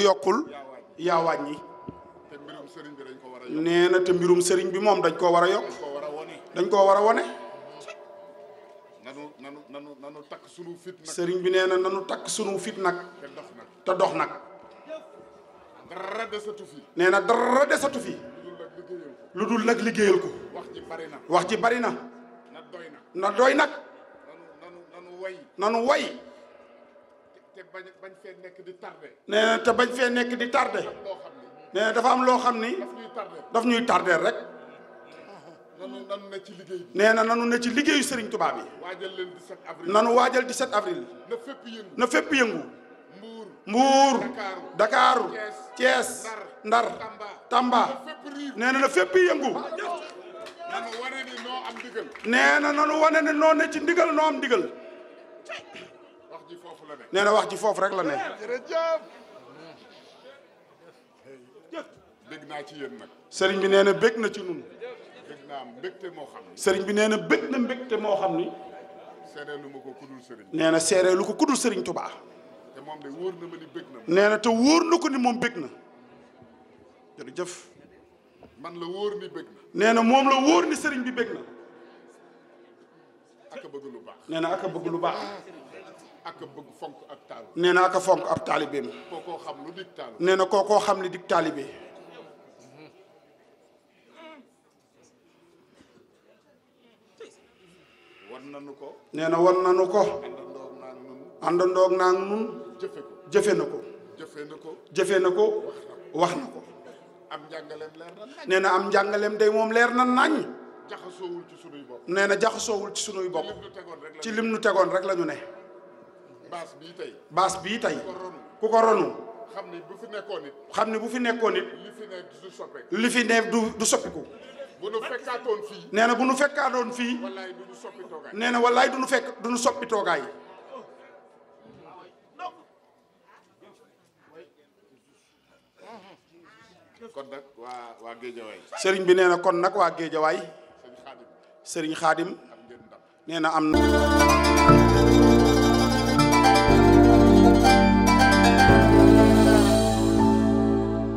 ku yokkul yaa wàññi nee na te mbirum sëriñ bi moom dañ koo war a yokk dañ koo war a wone sëriñ bi nee na nanu takk sunu fit nag te dox nag nee na dara desatu fi lu dul nag liggéeyal ko wax ci bari na na doy nag nanu way way bañ fee nekk di tardé. nee na te bañ fee nekk di tardé. nee dafa am loo xam ni. daf ñuy tardé rek. nanu ne ci liggéey nee na nanu ne ci liggéeyu Serigne tubaab bi. waajal leen 17 avril. nanu waajal 17 avril. na fépp yëngu na fépp yëngu. Mbour Mbour. Dakar Thiès Ndar Tamba. nee na na fépp yëngu. nee na nanu wane ne noo am na nanu wane ne noo ne ci ndigal noo am ndigal. nee na wax ji foofu rek la ne. bég naa ci yéen nag. sëriñ bi nee na bég na ci ñun. bég naa mbégte moo bi nee na bég na mbégte moo xam ni. seereelu ma ko kudul nee na seereelu ko kudul sëriñ Tuubaa. te moom de wóor na bég na. nee na te wóor na ko ni moom bég na. jërëjëf. man la wóor ni nee na moom la wóor ni sëriñ bi bég na. a bëgg lu baax. nee na ak a bëgg lu baax. ak bëgg fonk ak nee na ak fonk ab taalibeem. kookoo xam lu nee na kookoo xam li dig taalibe. wan nañu ko. nee na wan nañu ko. àndandoog naa naa nun. jëfe ko jëfe na ko. na ko wax na ko. am njàngaleem nee na am njàngaleem day moom leer na nañ. jaxasoowul nee na jaxasoowul ci sunuy bopp. ci lim nu tegoon rek la ñu ne. baas bii tey. baas bii tey ku ko ronu. xam ne bu fi nekkoon it. xam ne bu fi nekkoon it. li fi ne du du soppiku. bu nee na bu nu fekkaatoon fii. wallaay du nu soppi toogaay. wallaay du nu fekk du nu soppi toogaay. waa waa Géejawaay. sëriñ bi nee na kon nag waa Géejawaay. sëriñ Xaadim. sëriñ na am na.